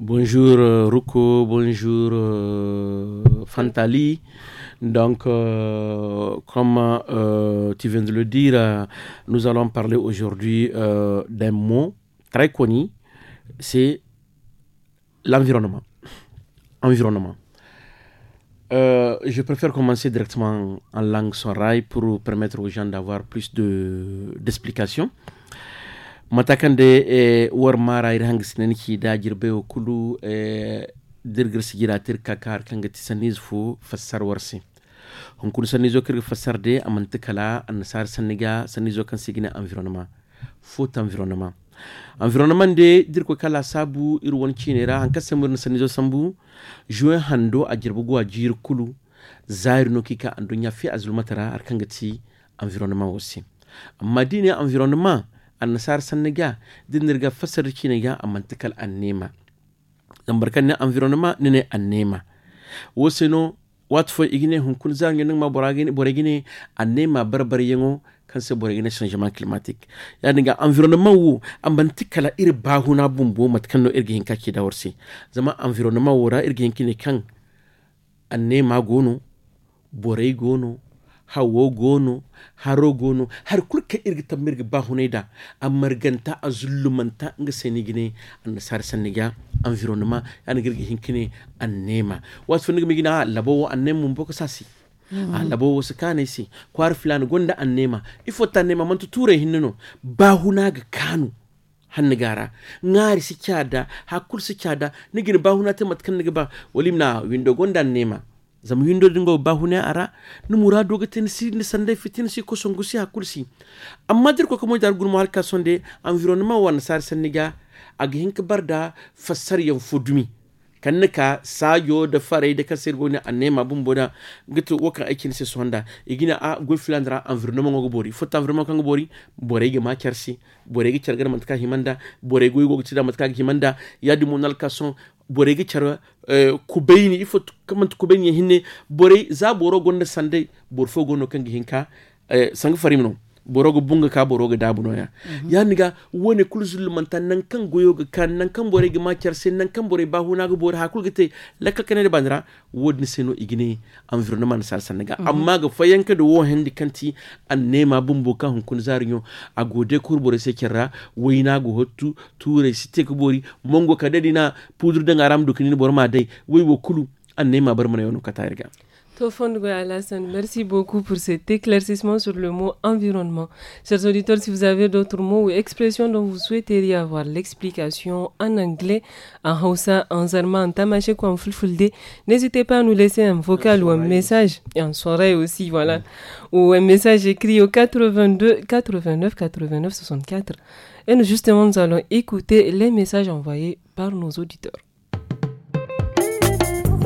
Bonjour euh, bonjour euh, Fantali. Donc, euh, comme tu viens de le dire, nous allons parler aujourd'hui d'un mot très connu, c'est l'environnement. Environnement. Euh, je préfère commencer directement en langue sorail pour permettre aux gens d'avoir plus d'explications. De, matakande e war mara ir ki da dirbe o kulu e dirgir sigira kakar kanga saniz fu fassar warsi On kun sanizo kir fassar de amante an sar saniga sanizo kan sigina environnement faut environnement environnement de ko kala sabu iru won cinera han kasamir na sanizo sambu juin hando a jirbu go a jir kulu zair no kika ando nyafi azulmatara arkangati environnement wosi amma dine environnement annasar sanniga dinirga fasar ciniga amantakal annema zambarkan ne environnement nene annema wosino fo igine hunkun zargin ma boragine boragine annema barbar yengo kan se bora ina changement climatique yani ga environnement wo ambanti kala ir bahuna bumbo mat kanno irge hinka ki dawarse zama environnement wo ra irge hinki ne kan anne ma gono borai gono hawo gono haro gono har kulka irga tamirga bahunai da amarganta a zullumanta nga seni gine an sar sanniga environnement yani girga hinkine ma wasu mi gina labo annemu mboko sasi Mm. a labo wasu kane se kwar gonda an nema ifo ta nema ture hinno ba ga kanu hannu gara ngari si chada, hakul si chada. nigin ba huna matkan windo gonda an nema zam windo dingo ara Numura doga si ni sande fitin si ko songu si hakul si amma dir ko dar gurmo halka sonde environnement wan sar sanniga ag barda fassar of kan nika sayo da farai da kasir goni a nema bun bona gitu waka aikin se sonda igina a go filandra environnement go bori fota environnement kan go bori bore ge ma kersi bore ge chargar matka himanda bore go go tida matka himanda yadi nal kason bore ge charwa eh, kubeini ifo kamant kubeini hinne bore za boro gonda sande borfo gono kan ge hinka eh, sanga farimno borogo bunga ka borogo da buno ya mhm. ya -hmm. ga wone kulzul manta nan kan goyo ga kan nan kan bore ga makyar sen nan kan bore ba huna ga bore hakul gite la ka da bandra wodni seno igine environnement sal san ga mhm. amma ga fayanka da wo hendi kanti an nema bumbu kan hun kun zarinyo a gode kur bore se kerra wayna go hottu ture site ko bori mongo kadadi na pudur da ngaram dukini bor ma dai wai wo kulu an nema bar mana yono katarga merci beaucoup pour cet éclaircissement sur le mot environnement. Chers auditeurs, si vous avez d'autres mots ou expressions dont vous souhaiteriez avoir l'explication en anglais, en hausa, en zarma, en tamaché, ou en fulfulde, n'hésitez pas à nous laisser un vocal ou un message, et en soirée aussi, voilà, ou un message écrit au 82 89 89 64. Et nous, justement, nous allons écouter les messages envoyés par nos auditeurs.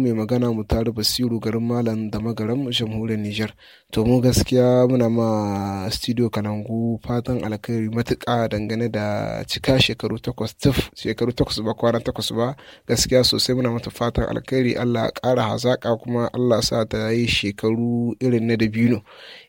mai magana mu tare basiru garin malam da magaram jamhuriyar nijar to mu gaskiya muna ma studio kanangu fatan alkhairi matuƙa dangane da cika shekaru takwas tuf shekaru takwas ba kwana takwas ba gaskiya sosai muna mata fatan alkhairi allah ƙara hazaƙa kuma allah sa ta yi shekaru irin na dabino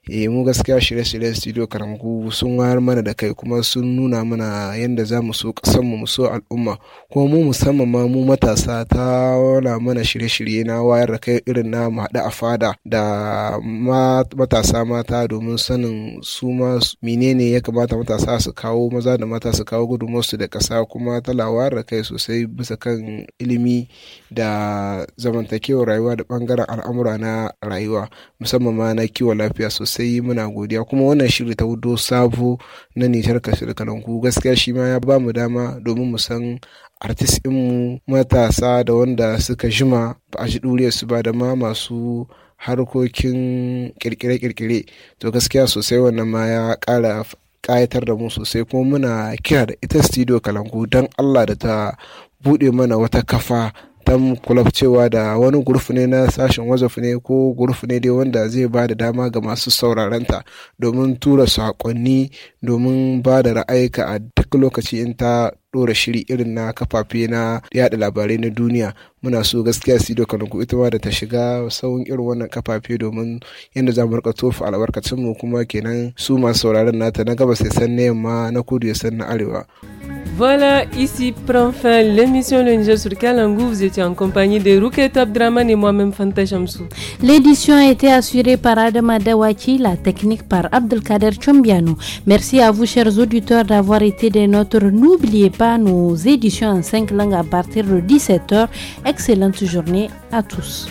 eh mu gaskiya shirye-shiryen studio karamku sun wayar mana da kai kuma sun nuna mana yadda za mu so kasanmu mu so al'umma kuma mu musamman ma mu matasa ta wana mana shirye-shirye na wayar da kai irin na mu haɗu a fada da matasa mata domin sanin su ma menene ya kamata matasa su kawo maza da mata su kawo su da ƙasa kuma tala wayar da kai sosai bisa kan ilimi da zamantakewar rayuwa da ɓangaren al'amura na rayuwa musamman ma na kiwon lafiya sosai sai muna godiya kuma wannan shiri ta wudo sabo na nitar kasir kalanku gaskiya shi ma ya ba mu dama domin mu san artist mu matasa da wanda suka jima ba a ji su ba da ma masu harkokin kirkire-kirkire to gaskiya sosai wannan ma ya kara kayatar da mu sosai kuma muna kira da ita studio kalangu don allah da ta buɗe mana wata kafa tam club cewa da wani gurfi ne na sashen wazaf ne ko gurfi ne dai wanda zai ba da dama ga masu ta domin tura saƙonni domin ba da ra'ayika a duk lokaci in ta ɗora shiri irin na kafafe na yada labarai na duniya muna so gaskiya su dokan ku ita ma da ta shiga sauran irin wannan kafafe domin yadda za mu rika tofa albarkacin mu kuma kenan su masu sauraron nata na gabas ya san na yamma na kudu ya san na arewa. Voilà, ici prend fin l'émission Le Niger sur Kalangou. Vous étiez en compagnie de Rouquet Abdraman et moi-même Fanta Chamsou. L'édition a été assurée par Adama Wachi, la technique par Abdelkader Chombiano. Merci à vous, chers auditeurs, d'avoir été des nôtres. N'oubliez pas nos éditions en cinq langues à partir de 17h. Excellente journée à tous.